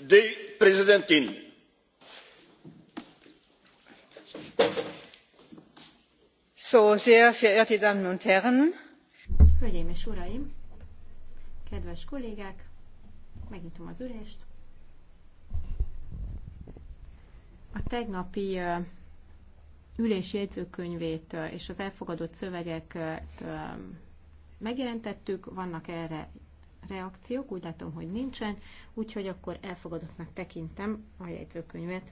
de präsidentin! sehr verehrte Damen und Herren! Hölgyeim és uraim! Kedves kollégák! Megnyitom az ülést. A tegnapi ülés jegyzőkönyvét és az elfogadott szövegeket megjelentettük, vannak erre reakciók, úgy látom, hogy nincsen, úgyhogy akkor elfogadottnak tekintem a jegyzőkönyvet.